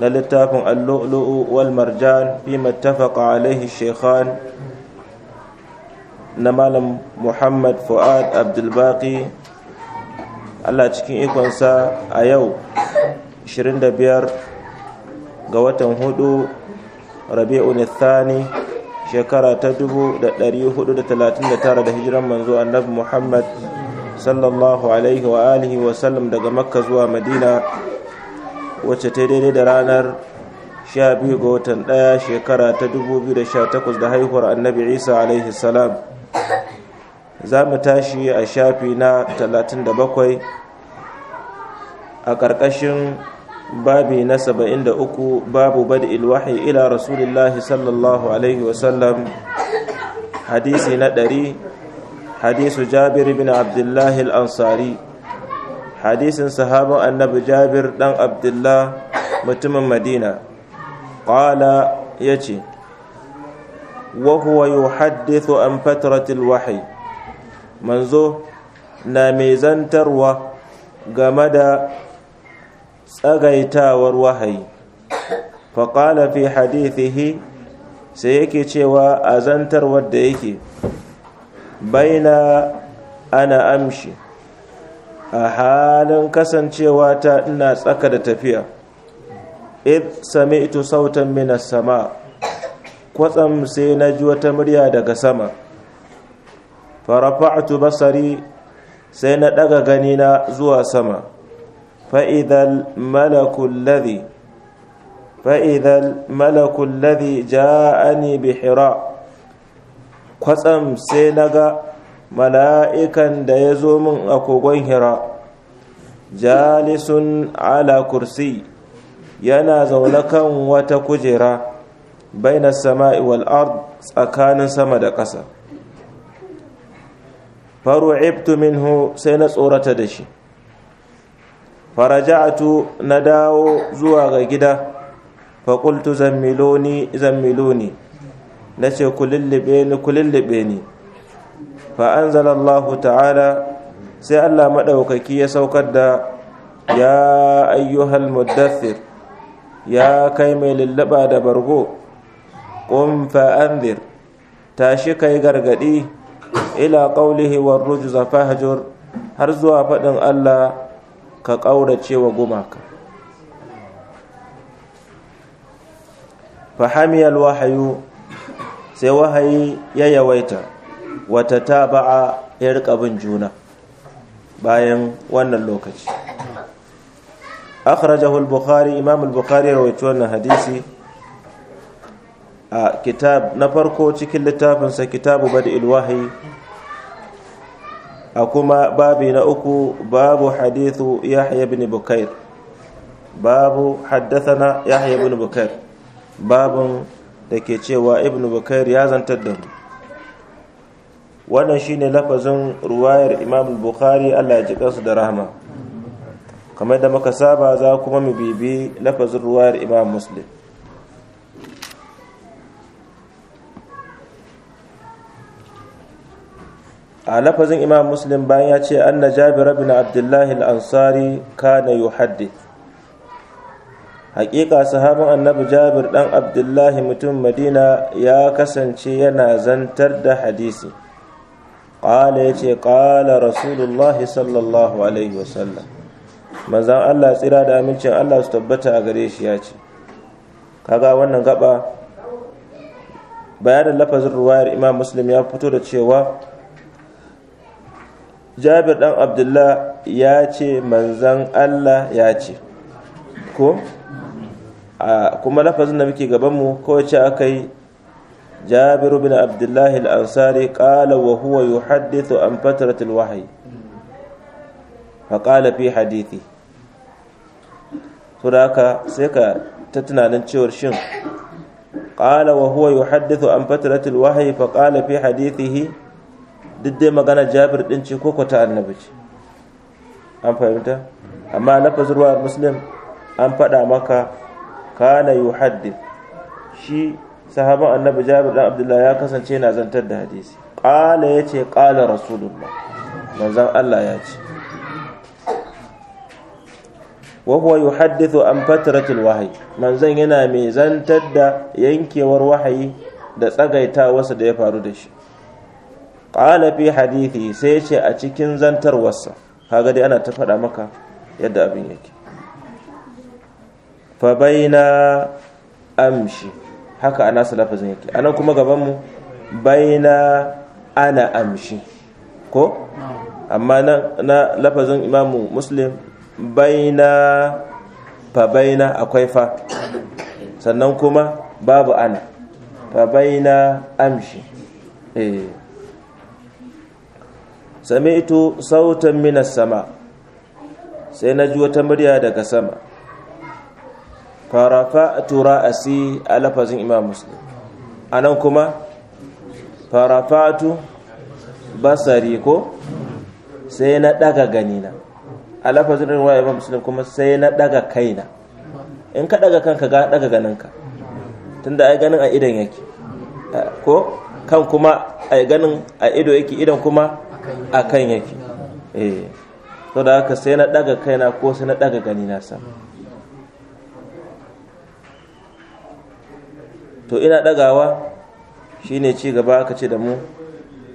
na littafin allu'lu'u wal marjan fi mattafaqa alaihi shekhan na malam muhammad fu'ad abdulbaki allah cikin ikonsa a yau 25 ga watan hudu rabi'un thani shekara ta 439 da hijiran manzo annabi muhammad sallallahu alaihi wa alihi wa sallam daga makka zuwa madina wacce ta daidai da ranar 12 ga watan daya shekara ta 2018 da haihuwar annabi isa alaihi salam za mu tashi a shafi na 37 a ƙarƙashin babi na 73 babu bad'il ilwahi ila rasulullahi sallallahu alaihi wasallam hadisi na 100 hadisu jabir bin abdullahi al-ansari hadisin sahabin annabi jabir dan abdullah mutumin madina ƙala ya ce wa huwa yuhaddithu an fatratil wahyi manzo na mai zantarwa game da tsagaitawar wahayi faƙala fi hadithihi sai yake cewa a zantarwar da yake baina ana amshi a halin kasancewa ta ina tsaka da tafiya id sami'tu sautan mina sama kwatsam sai na ji wata murya daga sama farafa'atu basari sai na daga ganina zuwa sama Fa'idal malakul ladhi fa'idal malakul ladhi ja'ani bi hira kwatsam sai na ga mala'ikan da ya zo min a kogon hira jalisun ala kursi yana zaune kan wata kujera baina sama'i wal ard tsakanin sama da ƙasa faru'ibtu minhu sai na tsorata da shi faraja'atu na dawo zuwa ga gida faƙultu zammiloni zammiloni na ce kulillibe ni ku ni fa anzalallahu ta'ala sai Allah maɗaukaki ya saukar da ya ayyuhal mudaththir ya kai mai lullaba da bargo qum fa anzir tashi kai gargadi ila qawlihi war rujza fahjur har zuwa faɗin Allah ka ƙaurace wa gumaka fahamiyal wahayu sai wahayi ya yawaita wata taba'a ya rika bin juna bayan wannan lokaci akhrajahu al-bukhari imam al-bukhari ya wannan hadisi a kitab na farko cikin littafinsa kitabu bad'il wahyi a kuma babi na uku babu hadithu yahya ibn bukair babu haddathana yahya ibn bukair babun da ke cewa ibn bukair ya zantar da mu wannan shine lafazin ruwayar imam bukhari allah ya ji kansu da rahama kamar da muka saba za kuma mu bibi lafazin ruwayar imam muslim a lafazin imam muslim bayan ya ce anna jabir bin abdullahi al-ansari kana yuhaddith haƙiƙa sahabin annabi jabir dan abdullahi mutum madina ya kasance yana zantar da hadisi ƙala ya ce ƙala rasulullah sallallahu alaihi wasallam manzan allah tsira da amincin allah su tabbata a gare shi ya ce kaga wannan gaba bayanin lafazin ruwayar imam muslim ya fito da cewa jabir dan abdullah ya ce manzan allah ya ce ko kuma lafazin da muke gabanmu kawai ce aka yi جابر بن عبد الله الأنصاري قال وهو يحدث عن فترة الوحي فقال في حديثه سراكا سيكا تتنا ننشور شن قال وهو يحدث عن فترة الوحي فقال في حديثه ددي مغانا جابر دنشي كوكو تا النبي an fahimta amma lafazin ruwa muslim an faɗa maka kana yuhaddith shi sahaban annabi jabir dan abdullahi ya kasance yana zantar da hadisi qala yace qala rasulullah manzon Allah ya ce wa huwa yuhaddithu an fatratil wahyi manzon yana mai zantar da yankewar wahayi da wasa da ya faru da shi qala fi hadithi sai yace a cikin wasa kaga dai ana ta faɗa maka yadda abin yake fa baina amshi haka ana su lafazin yake nan kuma gabanmu baina ana amshi ko amma na lafazin imamu muslim baina fa baina akwai fa sannan kuma babu ana fa baina amshi eh. sami ito sautan minas sama sai na ji wata murya daga sama farafa'tu ra'asi a lafazin imam muslim anan kuma farafa'tu basari ko sai na daga ganina a lafazin ruwa imam muslim kuma sai na daga kaina in ka daga kanka ga daga ganinka tunda ai ganin a idan yake ko kan kuma a ganin a ido yake idan kuma a kan yake eh to da haka sai na daga kaina ko sai na daga ganina sa to ina ɗagawa shine ci gaba aka ce da mu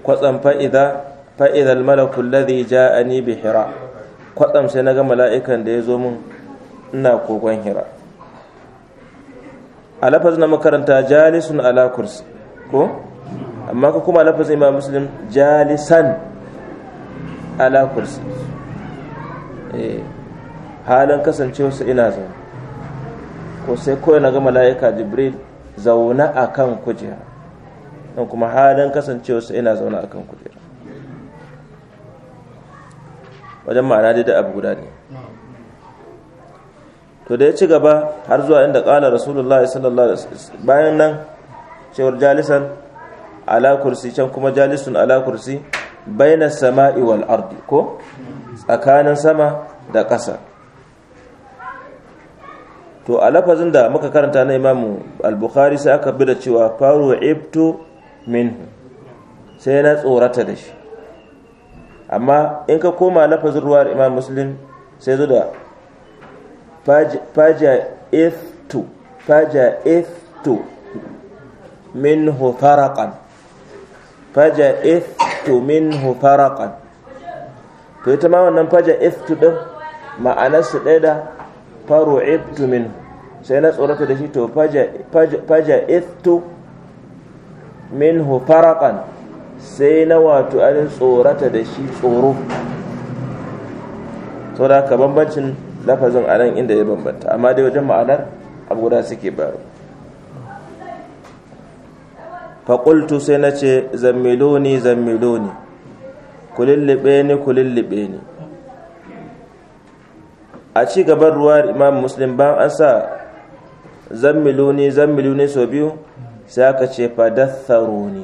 kwatsam fa'ida fa'iza almalakul ja ja'ani bi hira kwatsam sai naga mala'ikan da ya zo mun ina kogon hira a lafazin na makaranta jalisun ala kursi ko amma ka kuma lafazin imam muslim jalisan ala kursi eh, halin kasancewarsa ina zaune ko sai kawai na ga mala'ika jibril Zauna a kan kujera don kuma halin kasancewarsa yana zauna a kan kujera wajen ma'ana dai da abu guda ne to da ya ci gaba har zuwa inda ƙala rasulullah sallallahu alaihi bayan nan cewar jalisan ala kursi can kuma jalisun ala kursi bayan sama'i wal ardi ko tsakanin sama da ƙasa to a lafazin da muka karanta na imamu al-bukhari sai aka bi da cewa faru ibtu minhu sai na tsorata da shi amma in ka koma lafazin ruwar imam muslim sai zo da faja iftu faja iftu minhu faraqan faja iftu minhu faraqan to ita ma wannan faja iftu din ma'anarsu ɗaya da faru ibtu minhu sai na tsorata da shi to faja ittu minhu farakan sai na wato anin tsorata da shi tsoro So da ka bambancin lafazin a nan inda ya bambanta amma dai wajen ma'anar abu guda suke baro faƙultu sai na ce zammiloni zammiloni kulillibe ni kulillibe ni a ci gaban ruwa imam muslim ba an sa zammiluni zammiluni sau biyu sai aka ce ne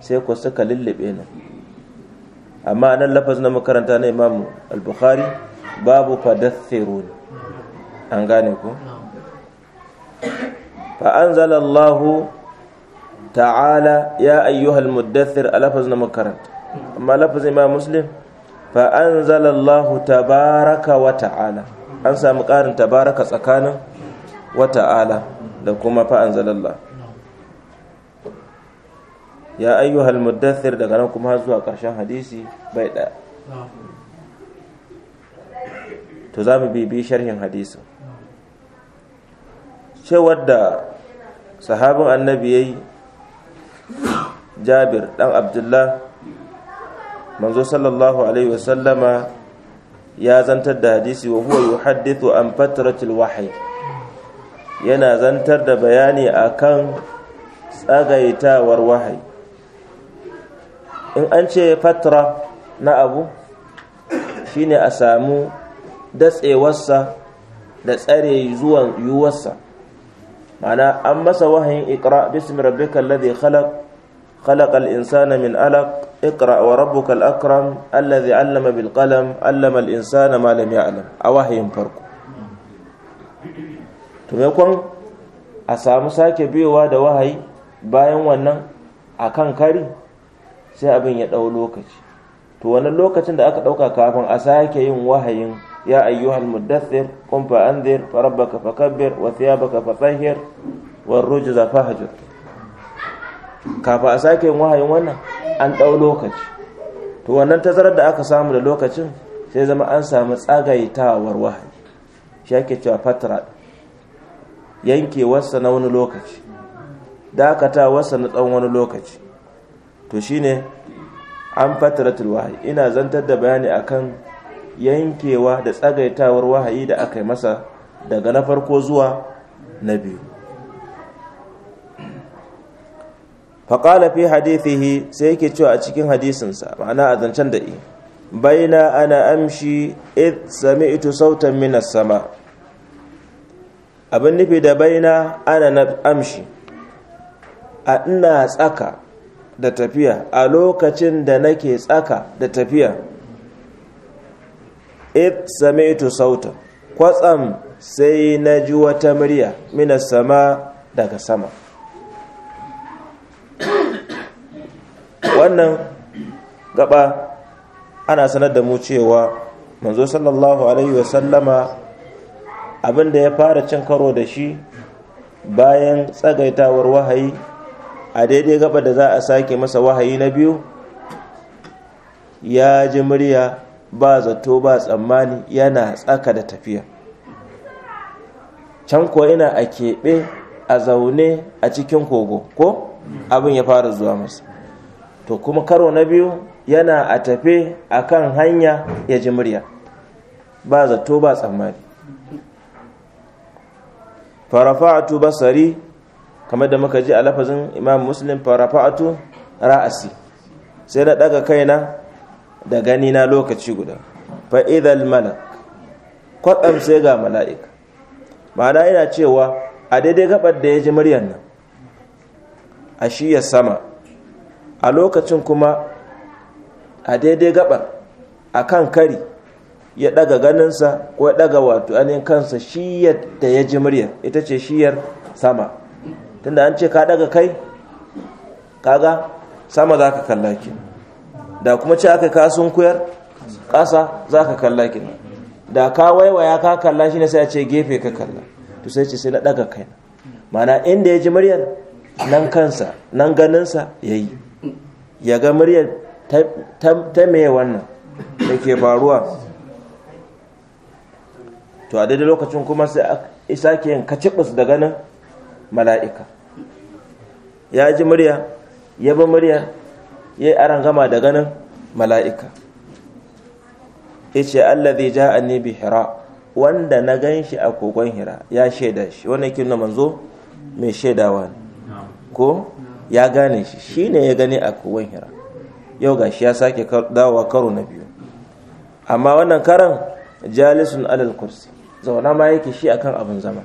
sai ku suka lullube ni amma nan lafazin na makaranta na imam al-bukhari babu ne an gane ku fa anzalallahu ta'ala ya ayyuhal muddathir a lafazin na makaranta amma lafazin imam muslim fa anzalallahu tabaraka wa ta'ala an samu ƙarin tabaraka tsakanin Wata ala da kuma fa anzalallah ya ayyuhal muddathir daga nan kuma zuwa ƙarshen hadisi bai ɗaya to za mu bibi sharhin hadisi. cewar da sahabin annabi ya jabir ɗan abdullah manzo sallallahu alaihi wasallama ya zantar da hadisi wa huwa yuhaddithu an fatratil wahyi yana zantar da bayani akan tsagaitawar wahayi in an ce fatra na abu shine a samu datsewarsa da tsare zuwan yiwuwarsa mana an masa wahayin ikra bismi rabbikal ladhi khalaq khalaqal insana min alaq اقرأ وربك الأكرم الذي علم بالقلم علم الإنسان ما لم a wahayin farko. to kwan a samu sake biyowa da wahayi bayan wannan a kan kari sai abin ya ɗau lokaci to wannan lokacin da aka ɗauka kafin a sake yin wahayin ya ayyuhal muddathir qum fa anzir fa rabbaka fakabbir wa thiyabaka fatahhir war rujza fahjur kafin a sake yin wahayin wannan an ɗau lokaci to wannan tazarar da aka samu da lokacin sai zama an samu tsagaitawar wahayi shi ake cewa fatra yankewarsa na wani lokaci dakatawarsa na tsawon wani lokaci to shine an fataratul wahayi ina zantar da bayani akan yankewa da tsagaitawar wahayi da aka yi masa daga na farko zuwa na biyu faƙala fi hadithihi sai yake cewa a cikin hadisinsa ma'ana a zancen da'i baina ana amshi sami ito sautan minas sama' abin nufi da baina ana na amshi a ina tsaka da tafiya a lokacin da nake tsaka da tafiya it sami'tu sauta kwatsam sai na ji wata murya mina sama daga sama wannan gaba ana sanar da mu cewa manzo sallallahu alaihi wasallama abin da ya fara cin karo da shi bayan tsagaitawar wahayi a daidai gaba da za a sake masa wahayi na biyu ya ji murya ba zato ba tsammani yana tsaka da tafiya can ko ina a keɓe a zaune a cikin kogo ko abin ya fara zuwa masa to kuma karo na biyu yana a tafe a kan hanya ya ji murya ba zato ba tsammani farafa'atu basari kamar da muka ji a lafazin imam muslim farafa'atu ra'asi sai na daga kaina da gani na lokaci guda fa idhal malak sai ga mala'ika ma'ana ina cewa a daidai gabar da ya ji muryar nan a shiyar sama a lokacin kuma a daidai gabar a kan kari ya daga ganinsa ko ya daga wato anin kansa shiyar da ya ji muryar ita ce shiyar sama tunda an ce ka daga kai kaga sama za ka kalla ki da kuma ce aka ka sun kuyar ƙasa za ka kalla ki da ka waiwaya ka kalla shi ne sai ya ce gefe ka kalla to sai ce sai na daga kai mana inda ya ji muryar nan kansa nan ganinsa ya yi ya ga muryar ta me wannan da ke faruwa to a daidai lokacin kuma sai isa ke yin kacibus da ganin mala'ika ya ji murya ya bi murya ya yi arangama da ganin mala'ika ya ce ja a bi hira wanda na gan shi a kogon hira ya shaida shi wannan kin manzo mai shaidawa ko ya gane shi shi ne ya gani a kogon hira yau ga shi ya sake dawowa karo na biyu amma wannan karan jalisun alal kursi zauna ma yake shi akan abin zama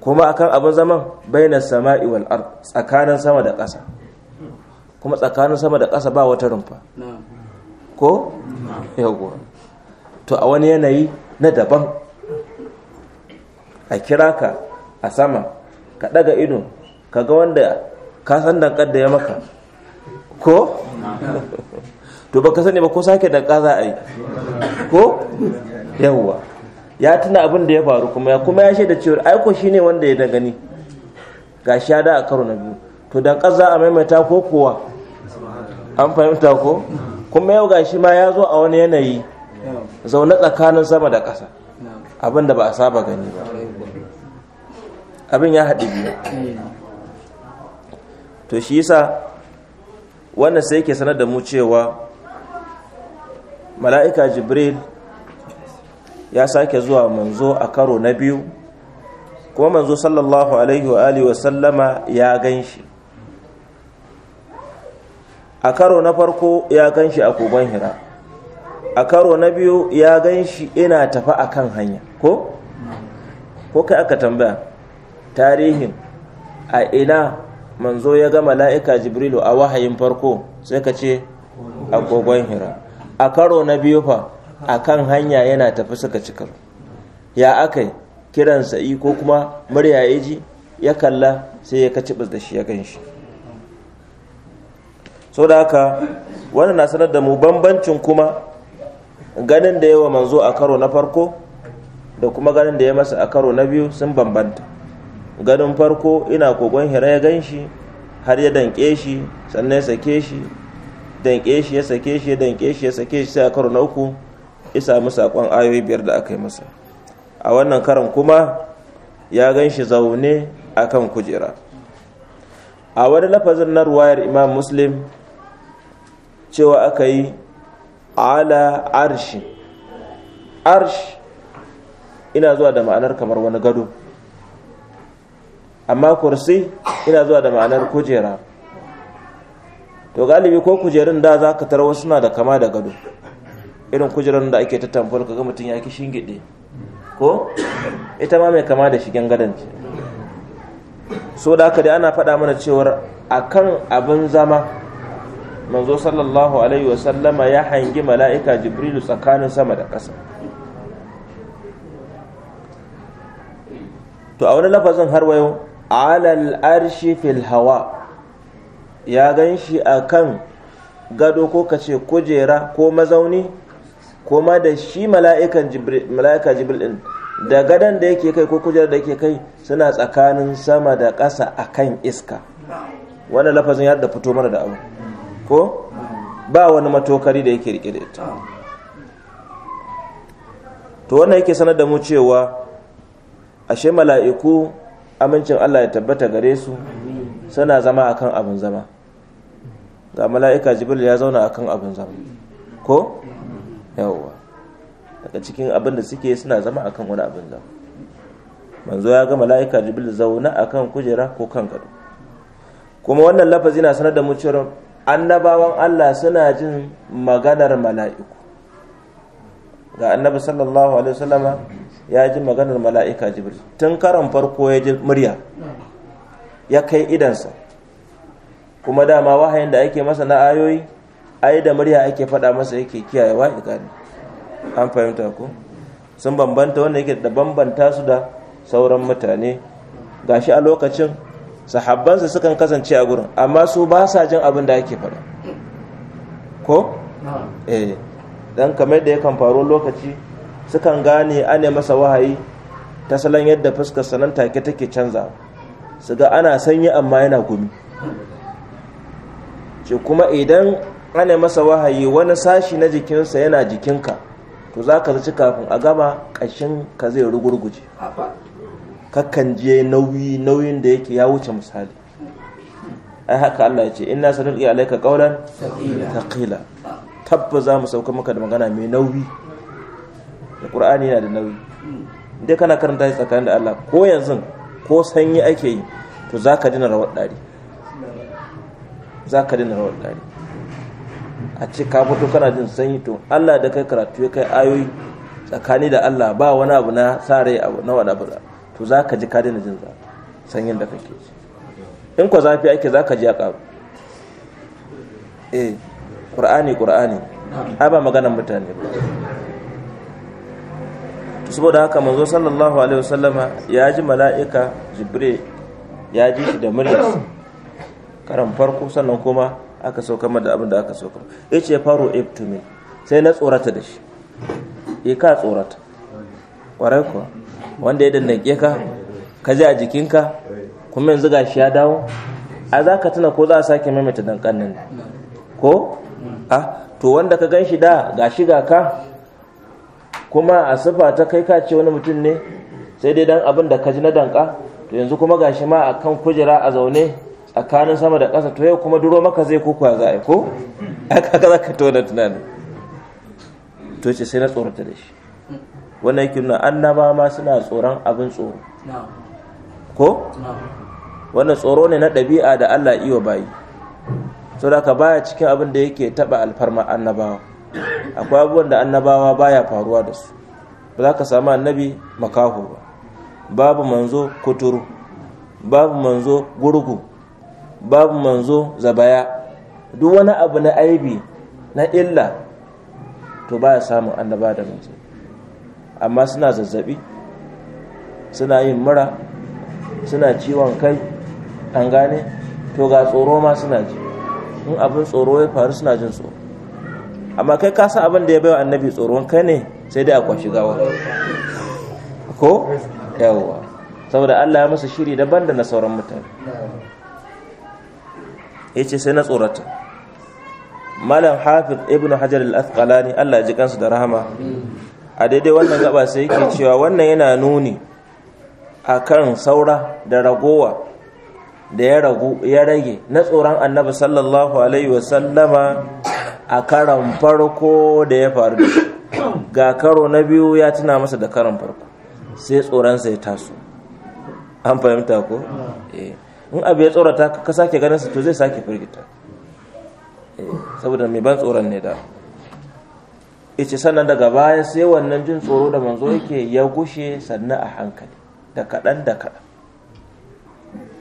kuma akan abin zaman baina sama'i wal ard tsakanin sama da ƙasa kuma tsakanin sama da ƙasa ba wata rumfa ko yawwa to a wani yanayi na daban a kira ka a sama ka daga ido ka ga wanda ka san dankar da ya maka ko to ba ka sani ba ko sake danka za a yi ko yawwa ya tuna abin da ya faru kuma ya kuma ya shaida cewa aiko shine wanda ya gani gashi ya da a karo na biyu to dan kaza a maimaita ko kowa an fahimta ko kuma yau gashi ma ya zo a wani yanayi zaune tsakanin sama da ƙasa abin da ba a saba gani ba abin ya haɗi biyu to shi yasa wannan sai yake sanar da mu cewa mala'ika jibril ya sake zuwa manzo a karo na biyu kuma manzo sallallahu alaihi wa alihi wasallama ya ganshi. a karo na farko ya ganshi a kogon hira a karo na biyu ya ganshi ina tafi akan hanya ko? ko kai aka tambaya tarihin a ina manzo ya ga mala'ika jibrilu a wahayin farko sai ka ce a kogon hira a karo na biyu fa a kan hanya yana tafi suka cikar ya aka kiran sa'i ko kuma murya ya ji ya kalla sai ya kaci da shi ya gan shi so da haka na sanar da mu bambancin kuma ganin da yawa manzo a karo na farko da kuma ganin da ya masa a karo na biyu sun bambanta ganin farko ina kogon hira ya gan shi har ya danke shi sannan ya sake shi danke shi ya sake shi ya danke shi ya sake shi sai a karo na uku isa mu saƙon ayoyi biyar da aka yi masa a wannan karan kuma ya gan shi zaune a kan kujera a wani lafazin na ruwayar imam muslim cewa aka yi ala arshi arsh ina zuwa da ma'anar kamar wani gado amma kursi ina zuwa da ma'anar kujera to galibi ko kujerun da za ka tarwa suna da kama da gado irin kujerar da ake tattamfar gama mutum ya ki shingide ko ita ma mai kama da shigen gadon ce so da haka dai ana faɗa mana cewar akan abin zama manzo sallallahu alaihi wasallama ya hangi mala'ika jibrilu tsakanin sama da ƙasa to a wani lafazin har wayo alal arshi fil hawa ya gan shi a kan gado ko kace kujera ko mazauni kuma da shi mala'ikan jibril mala'ika jibril da gadan da yake kai ko kujerar da yake kai suna tsakanin sama da ƙasa akan iska wannan lafazin ya da fito mana da abu ko ba wani matokari da yake rike da ita to wannan yake sanar da mu cewa ashe mala'iku amincin Allah ya tabbata gare su suna zama akan abin zama ga mala'ika jibril ya zauna akan abin zama ko yawwa daga cikin abin da suke suna zama akan wani abin zama manzo ya ga mala'ika jibril zaune kan kujera ko kan gado kuma wannan lafazi na sanar da mu cewa annabawan Allah suna jin maganar mala'iku ga annabi sallallahu alaihi wasallama ya ji maganar mala'ika jibril tun karan farko ya ji murya ya kai idansa kuma dama wahayin da ake masa na ayoyi ai da murya ake faɗa masa yake kiyayewa ya gane an fahimta ko sun bambanta wanda yake da bambanta su da sauran mutane gashi a lokacin sahabbansa sukan kasance a gurin amma su ba sa jin abin da ake faɗa ko eh dan kamar da yakan faru lokaci sukan gane ane masa wahayi ta salon yadda fuskar sanan take take canza su ga ana sanyi amma yana gumi ce kuma idan ana masa wahayi wani sashi na jikinsa yana jikinka to za ka zaci kafin a gama ƙashin ka zai rugurguje kakan je nauyi nauyin da yake ya wuce misali ai haka Allah ya ce inna sanulqi alayka qawlan thaqila tabba za mu sauka maka da magana mai nauyi da yana da nauyi dai kana karanta shi tsakanin da Allah ko yanzu ko sanyi ake yi to zaka dina rawar zaka dina rawar dari a ce ka fito kana jin sanyi to Allah da kai karatu ya kai ayoyi tsakani da Allah ba wani abu na sa rai abu na wada ba to za ka ji ka daina jin sanyin da kake in ko zafi ake za ka ji a ƙaru eh ƙur'ani ƙur'ani ai ba maganar mutane ba saboda haka manzo sallallahu alaihi wasallama ya ji mala'ika jibril ya ji shi da murya karan farko sannan kuma aka sauka da abin da aka sauka ya ce faru ibtumi sai na tsorata da shi ya e, ka tsorata ƙwarai kuwa wanda ya dandake ka ka ji a jikinka kuma yanzu ga shi ya dawo a za ka tuna ko za a sake maimaita dankan nan ko a to wanda ka gan shi da ga shi ga ka kuma a sufa ta kai ka ce wani mutum ne sai dai dan abin da ka ji na danka to yanzu kuma gashi ma akan kujera a zaune tsakanin sama da ƙasa to yau kuma duro maka zai kokowa za a yi ko aka za ka tona tunanin to ce sai na tsorata da shi wannan yake nuna annaba ma suna tsoron abin tsoro ko wannan tsoro ne na ɗabi'a da Allah iya bayi da ka baya cikin abin da yake taɓa alfarma annabawa akwai abubuwan da annabawa baya faruwa da su ba za ka samu annabi makaho ba babu manzo kuturu babu manzo gurgu babu manzo zabaya duk wani abu na aibi na illa to ba ya samun annaba da manzo amma suna zazzabi suna yin mura suna ciwon kai an gane to ga tsoro ma suna ji in abin tsoro ya faru suna jin tsoro amma kai kasa abin da ya baiwa annabi tsoron kai ne sai dai a kwashi gawa ko yawwa saboda Allah ya masa shiri daban da na sauran mutane Yace sai na tsorata malam hafiz ibn hajar al asqalani allah ji kansu da rahama a daidai wannan gaba sai yake cewa wannan yana nuni akan saura da ragowa da ya ragu ya rage na tsoron annabi sallallahu alaihi wasallama a karan farko da ya faru da ga karo na biyu ya tuna masa da karan farko sai tsoron ya taso an fahimta ko? eh in abu ya tsorata ka sake ganin su to zai sake firgita eh, saboda mai ban tsoron ne da ice sannan daga baya sai wannan jin tsoro da manzo yake ya gushe sannan a hankali da kaɗan da kaɗan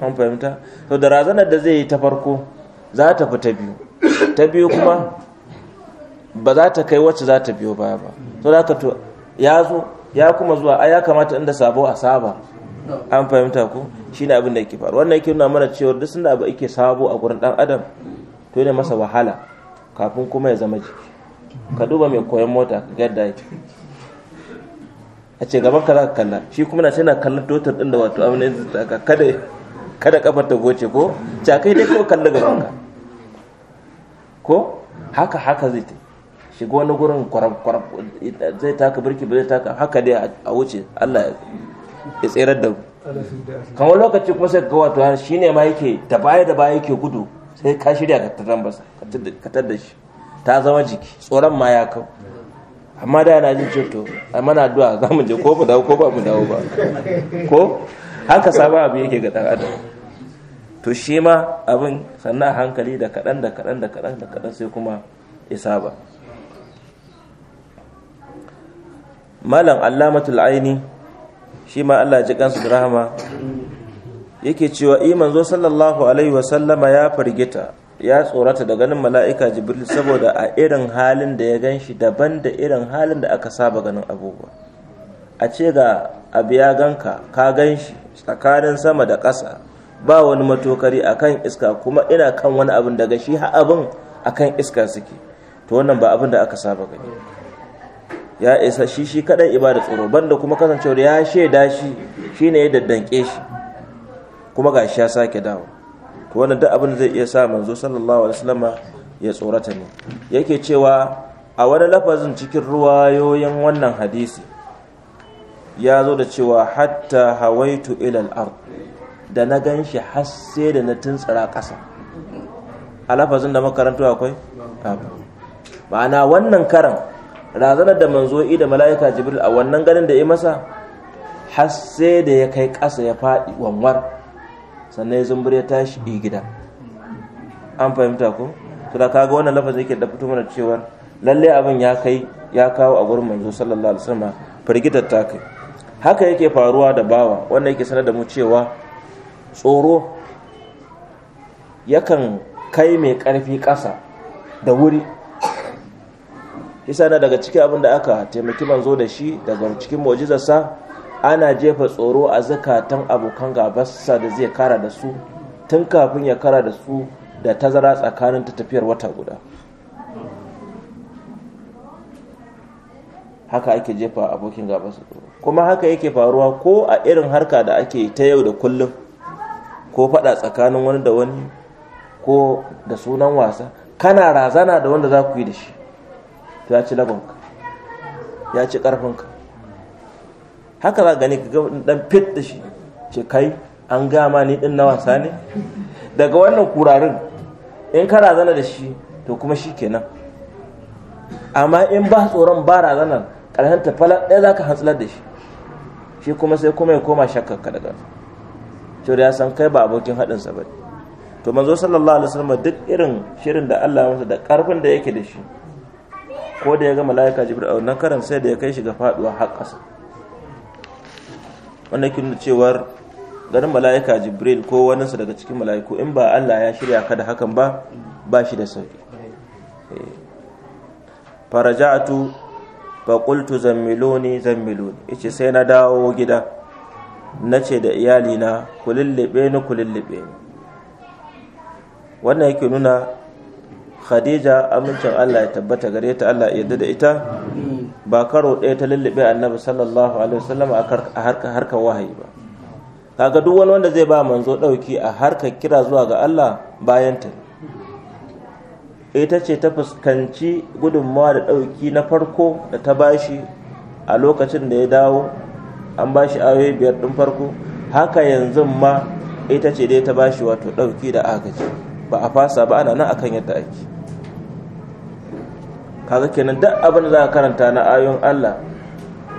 an fahimta to da razanar da zai yi ta farko za ta fi ta biyu ta biyu kuma ba za ta kai wacce za ta biyo baya ba to da to ya zo ya kuma zuwa a ya kamata inda sabo a saba an fahimta ko shi ne abin da yake faru wannan yake nuna mana cewa duk sanda abu ake sabo a gurin dan adam to ne masa wahala kafin kuma ya zama jiki ka duba mai koyon mota ka ga yadda yake a ce gaban ka za ka kalla shi kuma na ce na kallon totar din da wato amina ka kada kada kafar ta goce ko ta kai dai ko kalli gaban ka ko haka haka zai ta shiga wani gurin kwarab kwarab zai taka birki ba zai taka haka dai a wuce Allah ya ya tserar da kamar lokaci kuma sai ga wato shi ne ma yake da baya da baya yake gudu sai ka shirya ka tattar ka da shi ta zama jiki tsoron ma ya kau amma da yana jin cuto a mana addu'a za mu je ko mu dawo ko ba mu dawo ba ko haka sabon abu yake ga dan adam to shi ma abin sannan hankali da kaɗan da kaɗan da kaɗan da kaɗan sai kuma isa ba malam allamatul aini shi ma Allah ji kansu da rahama yake cewa Imanzo manzo sallallahu alaihi wa sallama ya firgita ya tsorata da ganin mala'ika jibril saboda a irin halin da ya gan shi daban da irin halin da aka saba ganin abubuwa a ce ga abu ya ganka ka gan shi tsakanin sama da ƙasa ba wani matokari akan iska kuma ina kan wani abin daga shi ha abin akan iska suke to wannan ba abin da aka saba gani ya isa shi shi kadan ibada tsoro banda kuma kasancewar ya shaida shi shine ya daddanke shi kuma ga shi ya sake dawo to wannan duk abin zai iya sa manzo sallallahu alaihi wasallama ya tsorata ne yake cewa a wani lafazin cikin ruwayoyin wannan hadisi ya zo da cewa hatta hawaitu ila al-ard da na ganshi har sai da na tuntsira ƙasa a lafazin da makarantu akwai ma'ana wannan karan razanar da manzo da mala'ika jibril a wannan ganin da ya masa har sai da ya kai ƙasa ya faɗi wanwar sannan ya zumbur ya tashi yi gida an fahimta ko to da kaga wannan lafazin yake da fito mana cewa lalle abin ya kai ya kawo a gurin manzo sallallahu alaihi wasallam firgitar ta kai haka yake faruwa da bawa wanda yake sanar da mu cewa tsoro yakan kai mai ƙarfi ƙasa da wuri kisa na daga cikin abin da aka taimaki manzo da shi daga cikin mu'jizarsa ana jefa tsoro a zakatan abokan gabarsa da zai kara da su tun kafin ya kara da su da tazara tsakanin ta tafiyar wata guda haka ake jefa abokin gabarsa tsoro kuma haka yake faruwa ko a irin harka da ake ta yau da kullum ko faɗa tsakanin wani da wani ko da sunan wasa kana razana da wanda za ku yi da shi ya ci lagonka ya ci karfinka haka za gani ka dan fit da shi ce kai an gama ni din na wasa ne daga wannan kurarin in ka razana da shi to kuma shi kenan amma in ba tsoron ba razanar ƙarshen tafalar ɗaya za ka hantsalar da shi shi kuma sai kuma ya koma shakkarka daga cewa ya san kai ba abokin haɗinsa ba to manzo sallallahu alaihi wasallam duk irin shirin da Allah masa da ƙarfin da yake da shi ko da ya ga mala'ika jibril a wannan karan sai da ya kai shi ga faduwa har ƙasa wannan ke nuna cewar ganin mala'ika jibril ko su daga cikin mala'iku in ba allah ya shirya ka da hakan ba ba shi da sauki eh. faraja'atu fa qultu zammiluni zammiluni yace sai na dawo gida nace da iyalina na lullube ni ku ni wannan yake nuna khadija amincin allah ya tabbata gare ta allah ya yarda da ita ba karo ɗaya ta lullube annabi sallallahu alaihi wasallam a harkar wahayi ba kaga duk wani wanda zai ba manzo ɗauki a harkar kira zuwa ga allah bayan ta ita ce ta fuskanci gudunmawa da ɗauki na farko da ta bashi a lokacin da ya dawo an bashi ayoyi biyar ɗin farko haka yanzu ma ita ce dai ta bashi wato ɗauki da agaji ba a fasa ba ana nan akan yadda ake kaga kenan duk abin da za ka karanta na ayoyin Allah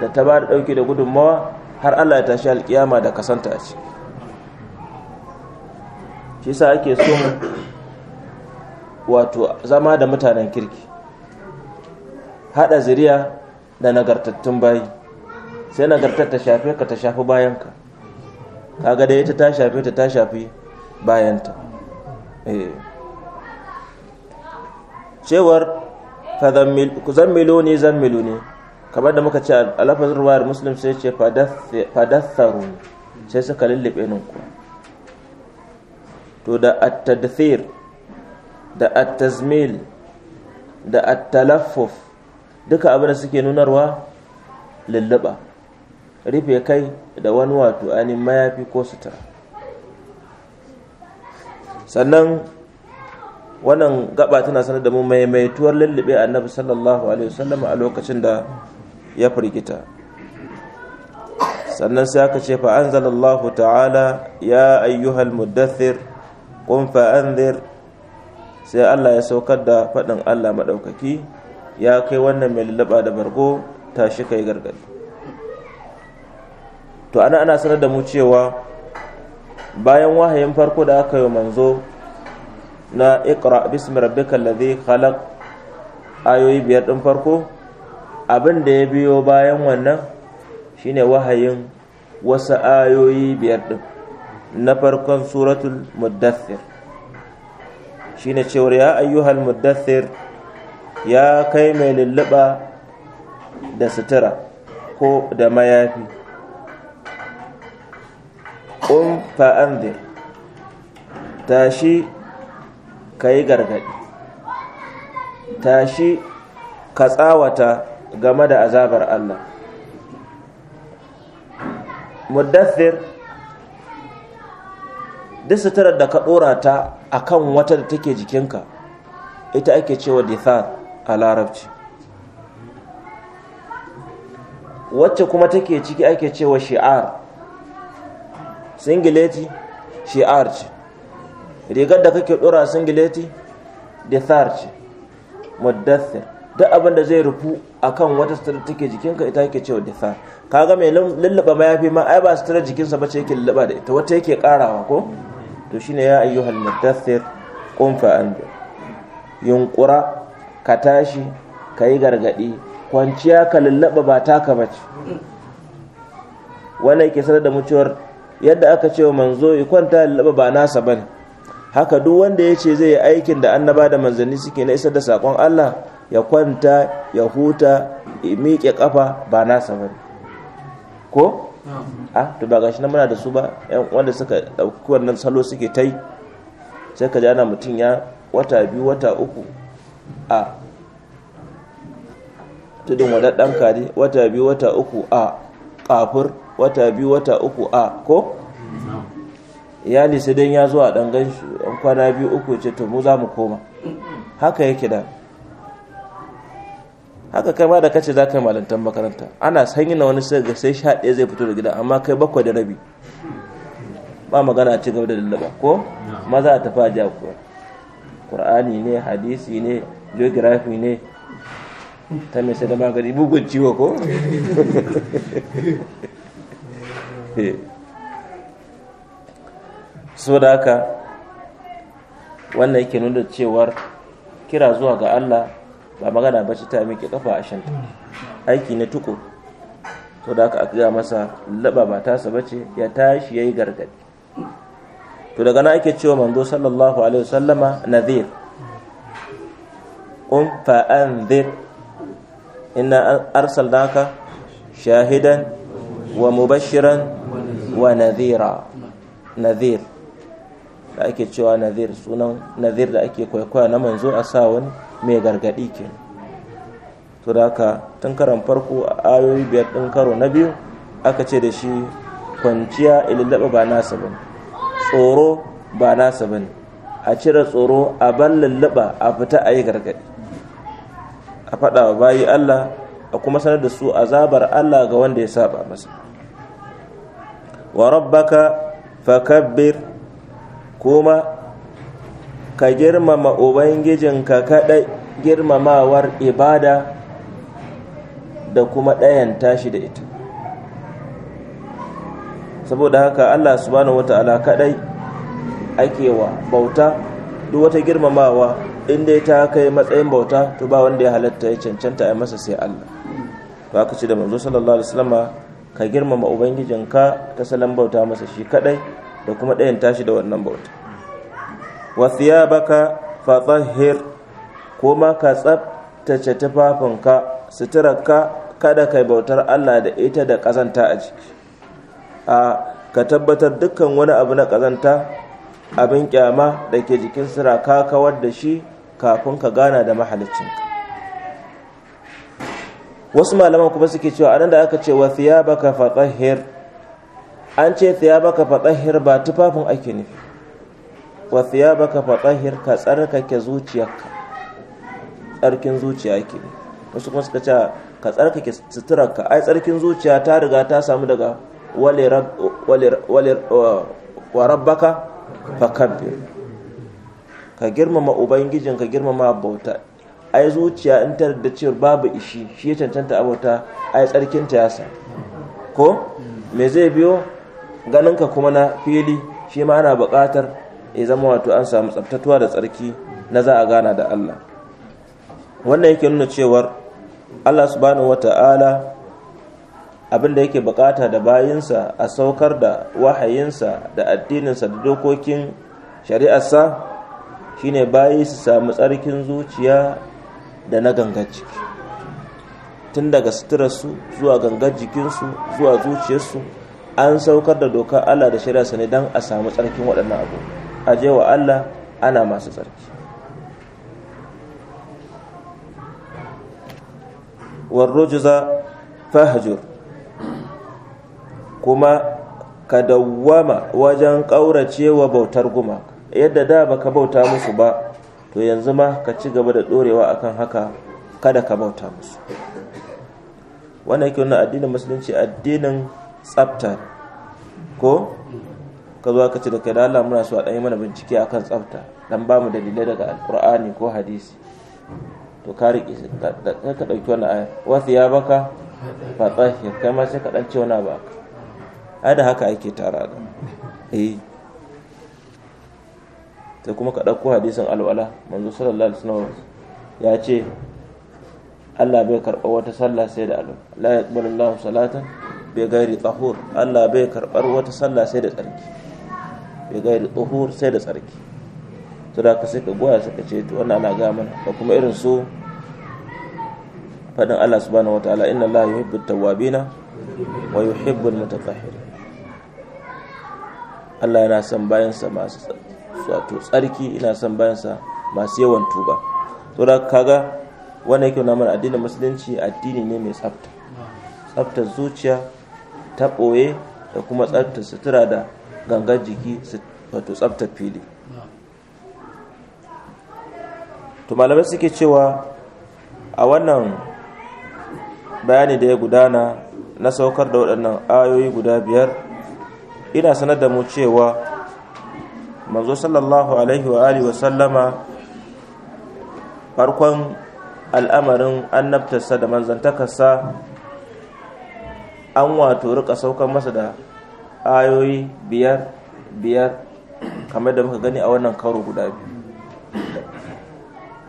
da ta ba da ɗauki da gudunmawa har Allah ya tashi alƙiyama da kasanta a ciki shi sa ake so wato zama da mutanen kirki haɗa ziriya da nagartattun bayi sai nagartar ta shafe ka ta shafi bayanka kaga da ita ta shafe ta ta shafi bayanta eh. cewar ku zammilo kamar da muka ce a lafazin ruwayar muslim sai ce fadatharu sai suka lullube ninku to da at-tadthir da at-tazmil da at-talaffuf duka abin da suke nunarwa lulluba rufe kai da wani wato ainihin mayafi ko sutura sannan wannan gaba tana sanar da mu maimaituwar lullube annabi sallallahu alaihi wasallam a lokacin da ya firgita sannan sai aka ce fa anzalallahu ta'ala ya ayyuhal mudaththir qum fa anzir sai Allah ya saukar da faɗin Allah madaukaki ya kai wannan mai lullaba da bargo tashi kai gargadi to ana ana sanar da mu cewa bayan wahayin farko da aka yi manzo na ikra bismi rabbika ladhi khalaq ayoyi biyar din farko abin da ya biyo bayan wannan shine wahayin wasu ayoyi biyar din na farkon suratul muddathir shine cewar ya ayyuhal muddathir ya kai mai lulluba da sutura ko da mayafi ƙun da tashi ka yi gargaɗi tashi ka tsawata game da azabar Allah muddathir duk suturar da ka ɗora ta a kan wata da take jikinka ita ake cewa dithar a larabci wacce kuma take ciki ake cewa shi'ar singileti shi'ar ce rigar da kake dora singileti da ce muddathir duk abin da zai rufu akan wata sutura take jikinka ita yake cewa dithar kaga mai lullaba yafi ma ai ba sutura jikinsa ba yake lullaba da ita wata yake karawa ko to shine ya ayyuhal muddathir qum fa anzir yunkura ka tashi ka yi gargadi kwanciya ka lullaba ba taka bace wannan yake sanar da mu yadda aka ce manzo ya kwanta lullaba ba nasa bane haka duk wanda ya ce zai yi aikin da annaba da manzanni suke na isar da saƙon Allah ya kwanta ya huta ya miƙe ƙafa ba nasa ba ko a ah, to ba gashi na muna da su ba wanda suka ɗauki wannan salo suke ta yi sai ka jana mutum ya wata biyu wata uku a tudun wadaddan kare wata biyu wata uku a kafur wata biyu wata uku a ko iyali sai dan ya zo a dan gan kwana biyu uku ce to mu za mu koma haka yake da haka kai ma da kace za ka yi malantar makaranta ana sanyi na wani sai sai sha ɗaya zai fito da gida amma kai bakwai da rabi ba magana a ci gaba da lallaba ko maza a tafi a ji qur'ani ne hadisi ne geography ne ta mai sai da magani bugun ciwo ko eh. saboda haka wannan yake nuna cewar kira zuwa ga Allah ba magana ba ta miƙe kafa a shanta aiki ne tuko to da aka ga masa laba ba ta sa bace ya tashi yayi gargadi to daga nan ake cewa manzo sallallahu alaihi wasallama nadhir um fa anzir inna arsalnaka shahidan wa mubashiran wa nadhira nadhir da ake cewa nazir sunan nazir da ake kwaikwaya na manzo a sa wani mai gargadi ke to da haka tun karan farko a ayoyi biyar ɗin karo na biyu aka ce da shi kwanciya ililaba ba nasa ba tsoro ba nasa ba a cire tsoro a ban lallaba a fita a yi gargadi a faɗa wa bayi Allah a kuma sanar da su azabar Allah ga wanda ya saba masa wa rabbaka fakabbir kuma ka girmama ubangijinka kaɗai girmamawar ibada da kuma ɗayan tashi da ita saboda haka allah subhanahu wata'ala kaɗai ake wa bauta duk wata girmamawa inda ta kai matsayin bauta to ba wanda ya halatta ya cancanta a masa sai allah Ba ka ce da manzo sallallahu alaihi wasallama ka girmama ubangijinka ta salon bauta masa shi kaɗai da kuma ɗayan tashi da wannan bauta wa thiyabaka fatahhir kuma ka tsaftace tufafinka suturarka kada kai bautar Allah da ita da ƙazanta a jiki a ka tabbatar dukkan wani abu na ƙazanta abin kyama da ke jikin sura ka kawar da shi kafin ka gana da mahalicinka wasu malaman kuma suke cewa anan da aka ce baka thiyabaka fatahhir an ce thiyabaka fatahhir ba tufafin ake nufi wa thiyabaka fatahhir ka tsarkake zuciyarka tsarkin zuciya ke wasu kuma suka ce ka tsarkake suturarka ai tsarkin zuciya ta riga ta samu daga wa rabbaka fakabbir ka girmama ubangijin ka girmama bauta ai zuciya in ta da cewa babu ishi shi ya cancanta abauta ai tsarkinta ya sa ko me zai biyo ganin ka kuma na fili shi ma ana buƙatar ya zama wato an samu tsaftatuwa da tsarki na za a gana da Allah wannan yake nuna cewar Allah subhanahu wata'ala abin da yake bukata da bayinsa a saukar da wahayinsa da addininsa da dokokin shari'arsa shine bayi su samu tsarkin zuciya da na gangar jiki tun daga suturarsu zuwa gangar jikinsu zuwa zuciyarsu an saukar da dokar Allah da shari'arsa ne don a samu tsarkin waɗannan abu a wa Allah ana masu tsarki za fahajur kuma ka dawwama wajen ƙaurace wa bautar guma, yadda da baka bauta musu ba to yanzu ma ka ci gaba da ɗorewa akan haka kada ka bauta musu wannan yake nuna addinin musulunci addinin tsafta ko ka zo ka ce da kai da Allah muna so a ɗanyi mana bincike akan tsafta dan ba mu dalilai daga alkur'ani ko hadisi to ka riƙe ka ɗauki wani aya wasu ya baka ba tsahir kai ma sai ka ɗan ce wani ba a da haka ake tara da eh sai kuma ka ɗauko hadisin alwala manzo sallallahu alaihi wasallam ya ce Allah bai karɓa wata sallah sai da alwala la yaqbalu Allahu salatan bai gairi tsahur Allah bai karɓar wata sallah sai da tsarki bai gairi tsahur sai da tsarki to da ka sai ka goya suka ce to wannan ana gaya mana da kuma irin su fadin Allah subhanahu wataala inna Allah yuhibbu tawwabina wa yuhibbu mutatahhirin Allah yana son bayansa masu wato tsarki ina son bayansa masu yawan tuba to da kaga wannan yake nuna mana addinin musulunci addini ne mai tsafta tsaftar zuciya ta ɓoye da kuma tsarta sutura da gangar jiki wato tsaftar fili to malamai suke cewa a wannan bayani da ya gudana na saukar da waɗannan ayoyi guda biyar ina sanar da mu cewa manzo sallallahu alaihi wa alihi sallama farkon al'amarin annabtarsa da manzantakarsa an wato rika saukar masa da ayoyi biyar biyar kamar da muka gani a wannan karo guda biyu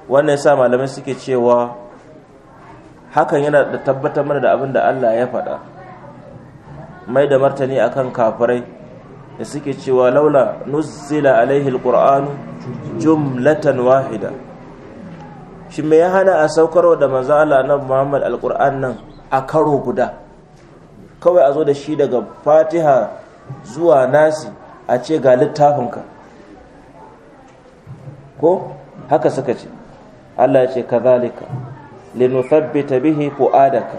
wannan sa malamai suke cewa hakan yana da tabbatar mana da abin da Allah ya faɗa mai da martani akan kafirai da suke cewa laula nuzila alaihi alqur'anu jumlatan wahida shi me ya hana a saukarwa da manzo Allah annabi Muhammad alqur'an nan a karo guda kawai a zo da shi daga fatiha zuwa nasi a ce ga littafinka ko haka suka ce allah ya ce kazalika linuthabbita bihi fu'adaka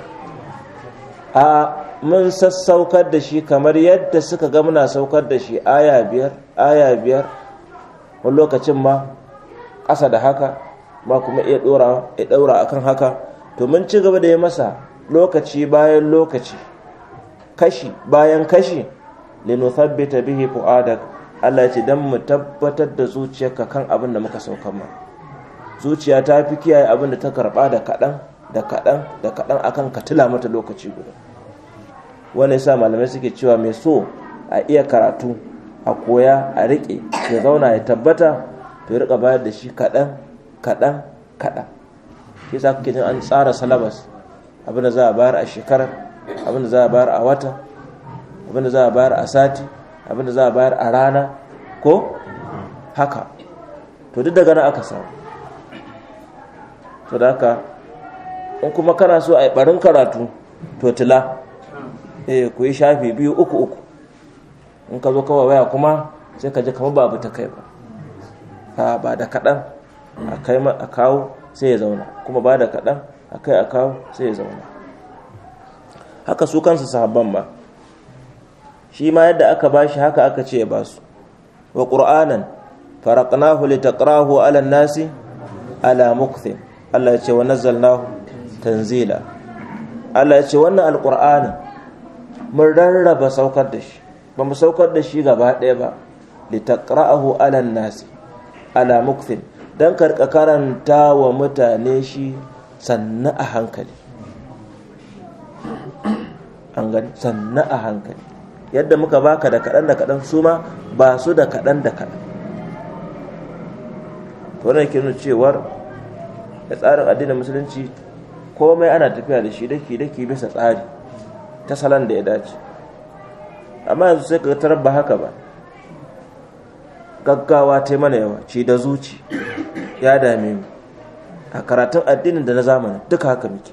a mun sassaukar da shi kamar yadda suka ga muna saukar da shi aya biyar aya biyar wani lokacin ma ƙasa da haka ma kuma iya ɗora akan haka to mun ci gaba da ya masa lokaci bayan lokaci kashi bayan kashi linuthabbita bihi fu'adak Allah ce dan mu tabbatar da zuciyarka kan abin da muka sauka ma zuciya ta fi kiyaye abin da ta karba da kadan da kadan da kadan akan ka tila mata lokaci guda wannan yasa malamai suke cewa mai so a iya karatu a koya a rike ya zauna ya tabbata to ya rika bayar da shi kadan kadan kadan shi yasa kuke jin an tsara salabas abin da za a bayar a shekarar Abinda za a bayar a wata abinda za a bayar a sati abinda za a bayar a rana ko haka to duk daga nan aka samu to da haka in kuma kana so a yi barin karatu to tila eh ku yi shafi biyu uku uku in ka zo kawai waya kuma sai ka ji kamar babu ta kai ba ba da kaɗan a kawo sai ya zauna kuma ba da kaɗan a kai a kawo sai ya zauna haka su kansu sahabban ma shi ma yadda aka bashi haka aka ce ba su. wa qur'anan faraqnahu litaqrahu ala nasi ala Allah ya ce wa nazzalnahu tanzila Allah ya ce wannan alqur'ani mun rarraba saukar da shi ba mu saukar da shi gaba ɗaya ba litaqrahu ala nasi ala mukthin dan karka karanta wa mutane shi sannan a hankali an gani sannan a hankali yadda muka baka da kaɗan da kaɗan su ma ba su da kaɗan da kaɗan to wannan ke cewar da tsarin addinin musulunci komai ana tafiya da shi daki daki bisa tsari ta salon da ya dace amma yanzu sai ka tarar ba haka ba gaggawa ta mana yawa ce da zuci ya dame mu a karatun addinin da na zamanin duka haka muke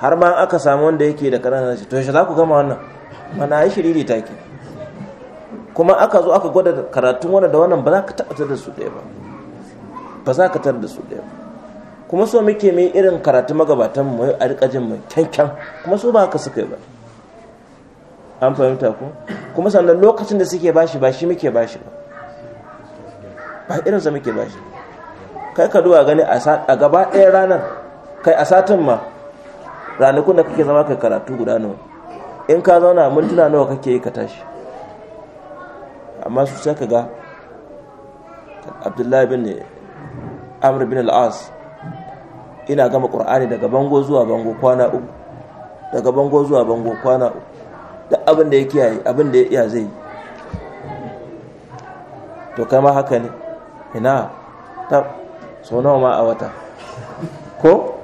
har ma aka samu wanda yake da ƙananan shi to shi za ku gama wannan mana yi shiriri take kuma aka zo aka gwada karatun wannan da wannan ba za ka tabbatar da su ɗaya ba ba za ka tar da su ɗaya kuma so muke mai irin karatu magabatan mu a rika jin mai kyankyan kuma so ba haka suka yi ba an fahimta ku kuma sannan lokacin da suke bashi ba shi muke bashi ba ba irin sa muke bashi kai ka duwa gani a gaba ɗaya ranar kai a satin ma ranakun da kake zama ka karatu guda nawa in ka zauna mintuna nawa kake yi ka tashi amma su sai ka ga abdullahi bin amr bin al'as ina gama ƙur'ani daga bango zuwa bango kwana uku daga bango zuwa bango kwana uku da abin da ya kiyaye abin da ya iya zai yi to kama haka ne ina ta sonawa nawa ma a wata ko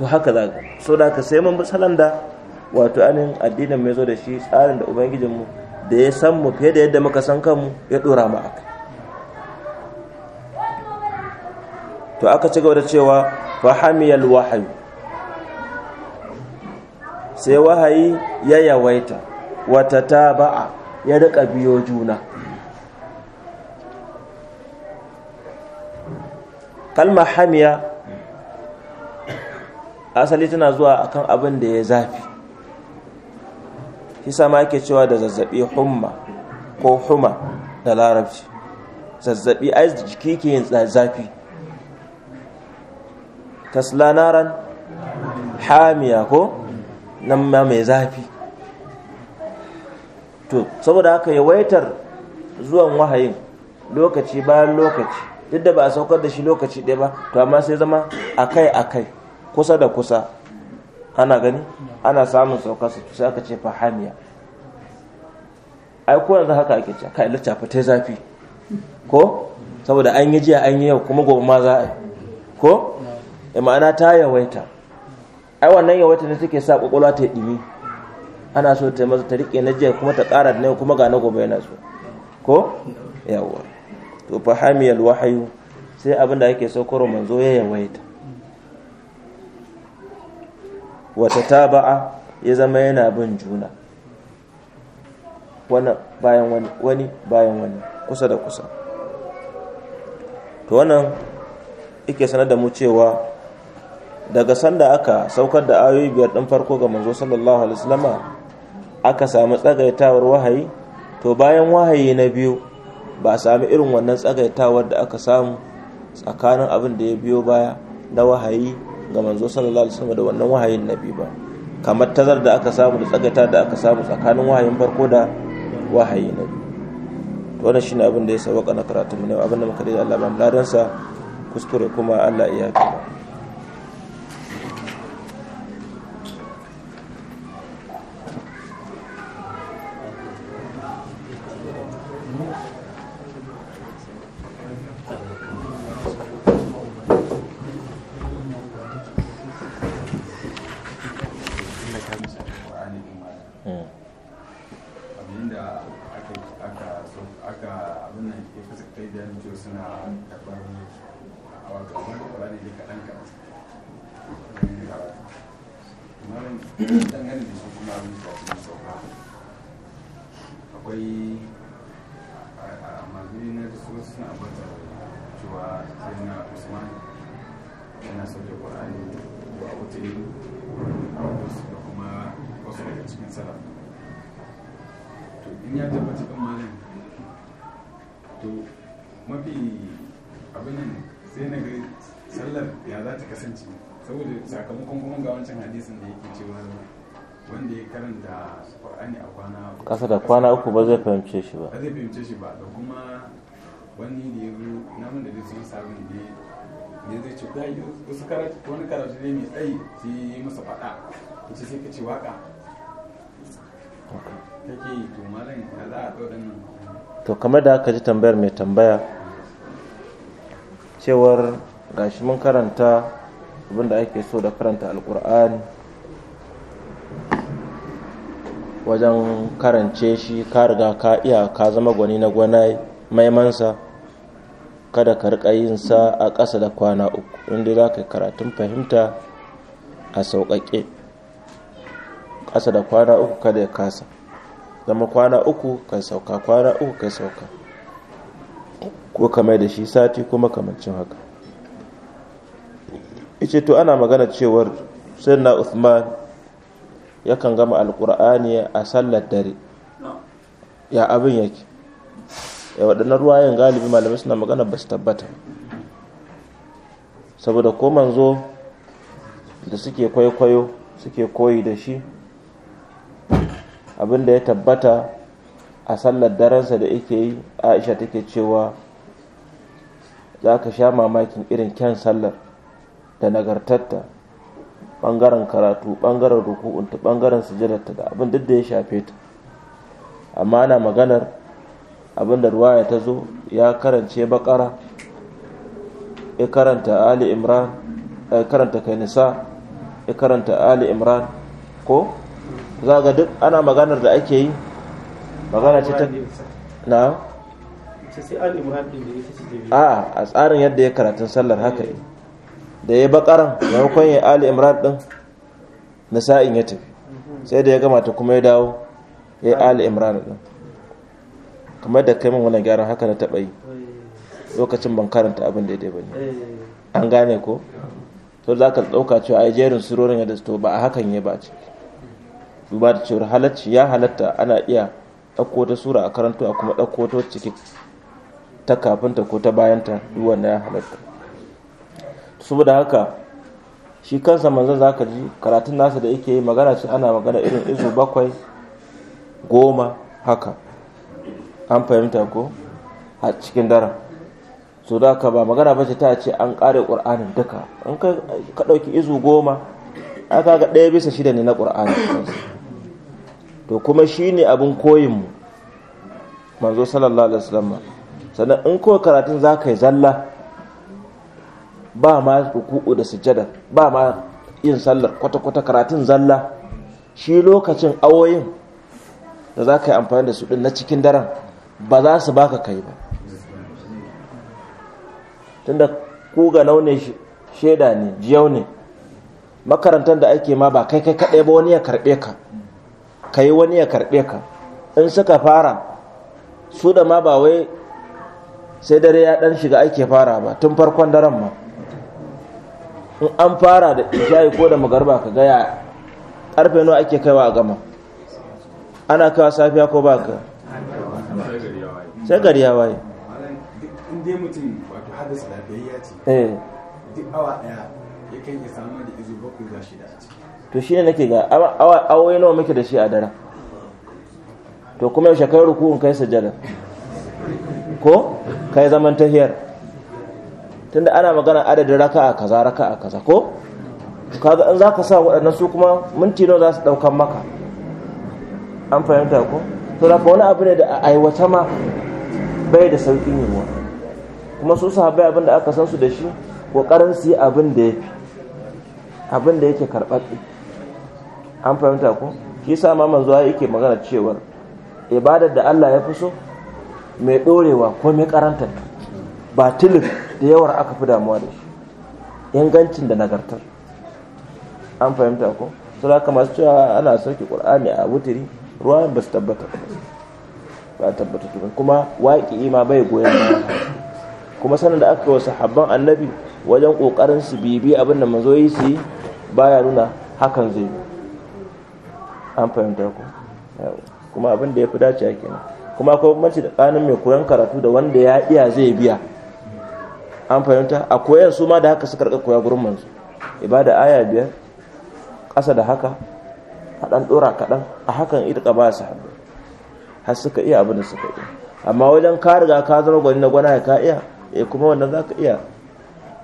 to haka za ka so da ka sai mun salon da wato anin addinin mai zo da shi tsarin da ubangijinmu da ya san mu fiye da yadda muka san kanmu ya dora mu aka to aka ci gaba da cewa fahamiyal wahayu sai wahayi ya yawaita wata taba'a ya rika biyo juna kalmar hamiya asali tana zuwa akan abin da ya zafi shi sama ake cewa da zazzabi humma ko huma da larabci zazzabi ai jiki ke yin zafi tasla naran hamiya ko nan ma mai zafi to saboda haka yawaitar zuwan wahayin lokaci bayan lokaci duk da ba a saukar da shi lokaci ɗaya ba to amma sai zama akai-akai kusa da kusa ana gani ana samun saukar su sai aka ce fahamiya ai ko yanzu haka ake ce ka lacca fa ta zafi ko saboda an yi jiya an yi yau kuma gobe ma za a yi ko e, ma'ana ta yawaita ai wannan yawaita ne take sa kwakwalwa ta dimi ana so ta mazu ta rike na jiya kuma ta ƙara da kuma ga na gobe yana so ko yawa to fa wahayu sai abin da ake saukar manzo ya yawaita wata taba'a ya zama yana bin juna wani bayan wani kusa da kusa to wannan yake sanar da mu cewa daga sanda aka saukar da ayoyi biyar ɗin farko ga manzo sallallahu alaihi wasallama aka samu tsagaitawar wahayi to bayan wahayi na biyu ba a sami irin wannan tsagaitawar da aka samu tsakanin abin da ya biyo baya na wahayi ga manzo sallallahu alaihi wasallam da wannan wahayin nabi ba kamar tazar da aka samu da tsagata da aka samu tsakanin wahayin farko da wahayi na biyu to wannan shine abin da ya sabaka na karatu mu ne abin da muka da Allah ba mu ladan sa kuskure kuma Allah ya to mafi abin sai na ga sallar ya za ta kasance saboda sakamakon kuma ga wancan hadisin da yake cewa wanda ya karanta qur'ani a kwana kasa da kwana uku ba zai fahimce shi ba zai fahimce shi ba da kuma wani da ya zo namun da zai sabon da ya zai ce ga wasu karatu wani karatu ne mai tsayi sai ya yi masa faɗa ya ce sai ka ce waka kake to malam ya za a ɗau nan to kamar da aka ji tambayar mai tambaya cewar gashi mun karanta abinda ake so da karanta alkur'ani wajen karance shi ka riga ka iya ka zama gwani na gwana maimansa kada ka rika yin sa a ƙasa da kwana uku inda za ka yi karatun fahimta a sauƙaƙe ƙasa da kwana uku kada ya kasa zama kwana uku kai sauka kwana uku kai sauka ko kamar da shi sati kuma kamancin haka ice to ana magana cewar sirna Uthman yakan gama alkur'ani a sallar dare ya abin yake ya waɗannan ruwayen galibi malamai suna magana ba su tabbata saboda ko manzo da suke kwaikwayo suke koyi da shi abin da ya tabbata a sallar daransa da yake yi aisha take cewa za ka sha mamakin irin kyan sallar da nagartatta bangaren karatu bangaren ruku'unta bangaren sujadarta da abin duk da ya shafe ta amma ana maganar abin da ruwaya ta zo ya karance bakara ya karanta ali imran ya karanta kainisa ya karanta ali imran ko za ga duk ana maganar da ake yi magana ce ta na a a tsarin yadda ya karatun sallar haka yi da ya bakaran maimakon ya ali imran din na sa'in ya tafi sai da ya gama ta kuma ya dawo ya ali imran din kamar da kai min wannan gyaran haka na taɓa yi lokacin ban karanta abin da ya ba ne an gane ko to za ka ɗauka cewa yi jerin surorin yadda to ba a hakan ya ba ce. duba da cewar halacci ya halatta ana iya ɗauko ta sura a karanta a kuma ɗauko ta ciki ta kafinta ko ta bayanta duk wanda ya halatta saboda haka shi kansa manzan za ka ji karatun nasa da yake yi magana ce ana magana irin izu bakwai goma haka an fahimta ko a cikin dara. so da ka ba magana ba ta ce an ƙare ƙur'anin duka an ka ɗauki izu goma aka ga ɗaya bisa shida ne na ƙur'ani to kuma shi ne abin koyinmu manzo sallallahu alaihi wasallam sannan in ko karatun za ka yi zalla ba ma ruku'u da sujjada ba ma yin sallar kwata-kwata karatun zalla shi lokacin awoyin da za ka yi amfani da su din na cikin daren ba za su baka kai ba tunda ku ga naune shaida ne jiyau ne makarantar da ake ma ba kai kai kaɗai ba wani ya karɓe ka ka yi wani ya karɓe ka in suka fara su da ma ba wai sai dare ya ɗan shiga ake fara ba tun farkon daren ma in an fara da isha'i ko da magarba ka gaya ƙarfe nawa ake kaiwa a gama ana kawo safiya ko ba ka sai gari ya waye in mutum wato hadasa lafiyayya ce eh. duk awa ɗaya samu da izu bakwai shida a ciki to shi ne nake ga awai nawa muke da shi a daren to kuma yaushe kai rukun kai sajada ko kai zaman tahiyar tunda ana magana adadin raka'a kaza raka'a kaza ko kaza in zaka sa waɗannan su kuma minti nawa za su ɗaukan maka an fahimta ko to da wani abu ne da a aiwata ma bai da sauƙin yiwuwa kuma su sahabbai abin da aka san su da shi ƙoƙarin su yi abin da yake abin da yake karɓaɓɓe an fahimta ko shi sa ma manzo yake magana cewar ibadar da Allah ya fi so mai dorewa ko mai karanta ba tilif da yawar aka fi damuwa da shi ingancin da nagartar an fahimta ko da haka masu cewa ana sauke qur'ani a wutiri ruwa ba su tabbata ba tabbata kuma waƙi ma bai goyon ba. kuma sanin da aka wasu habban annabi wajen ƙoƙarin su bibi abin da manzo yi su yi baya nuna hakan zai yi an fahimta ku kuma abin da ya fi dace a kenan kuma akwai bambanci kanin mai koyon karatu da wanda ya iya zai biya an fahimta a koyan su ma da haka suka rika koya gurin manzo ibada aya biyar ƙasa da haka a ɗan ɗora kaɗan a hakan ita ba su haɗu har suka iya abin da suka iya amma wajen ka riga ka zama gwani na gwana ka iya e kuma wannan za ka iya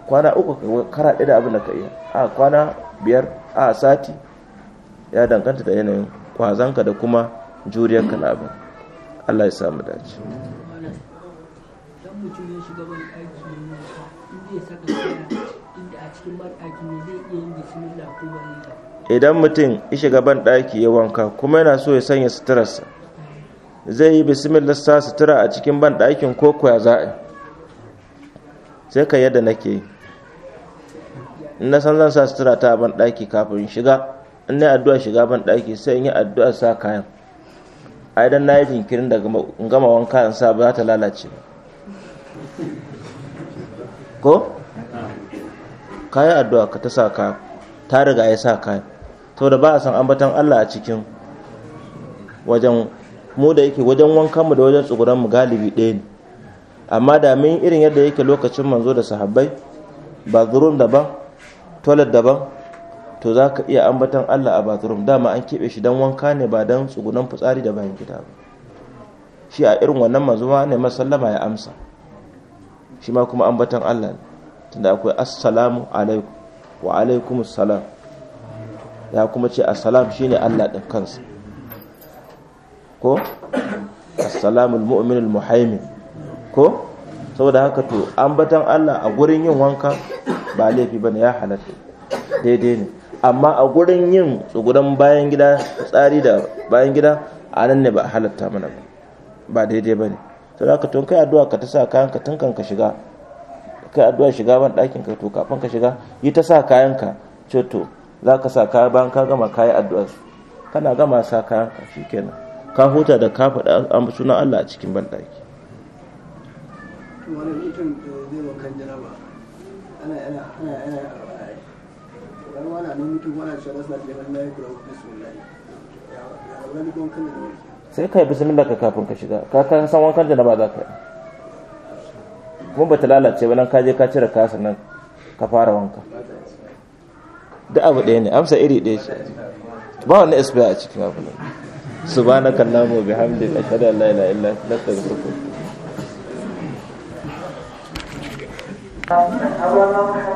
kwana uku ka kara da abin da ka iya a kwana biyar a sati ya danganta da yanayin kwazanka da kuma juriyar ka abin. Allah ya samu dace idan mutum ya shiga ban ɗaki ya wanka kuma yana so ya sanya suturarsa zai yi bismillah sa sutura a cikin ban ɗakin ko kuwa za a sai ka yadda nake yi na san zan sa sutura ta ban ɗaki kafin shiga in na addu'a shiga ban ɗaki sai in yi addu'a sa kayan ai dan nayi jinkirin daga gama wanka in sa ba ta lalace ba ko kayan addu'a ka ta sa ka ta riga ya sa kayan da ba a san ambatan Allah a cikin wajen mu da yake wajen wankanmu da wajen tsuguran mu galibi ɗaya ne amma da min irin yadda yake lokacin manzo da sahabbai ba zurun daban toilet daban to za ka iya ambatan Allah a bathroom dama an keɓe shi don wanka ne ba don tsugunan fitsari da bayan gida ba shi a irin wannan mazuwa ne masallama ya amsa shi ma kuma ambatan Allah ne tunda akwai assalamu alaikum wa alaikum salam ya kuma ce assalam ne Allah ɗin kansa ko al-mu'min al muhaimin ko saboda haka to ambatan Allah a gurin yin wanka ba laifi bane ya halatta daidai ne amma a gurin yin tsugudan bayan gida tsari da bayan gida a nan ne ba a halatta mana ba ba daidai ba ne sai za ka kai addu'a ka ta sa kayan ka tun kan ka shiga kai addu'a shiga ban ɗakin ka to kafin ka shiga yi ta sa kayan ka ce to za ka sa kaya bayan ka gama kayi addu'a su kana gama sa kayan ka shikenan ka huta da ka faɗa an sunan Allah a cikin ban ɗaki eh, zai wa kan ana ana ana Sai wala ne mutum wala sai kai ka kafin ka shiga ka kan san wankan da ba za ka yi kuma bata lalace ba nan ka je ka cire kasu nan ka fara wanka da abu ɗaya ne amsa iri ɗaya ce ba wani sba a cikin abu ne subhanaka allahumma bihamdika ashhadu an la ilaha illa anta astaghfiruka wa atubu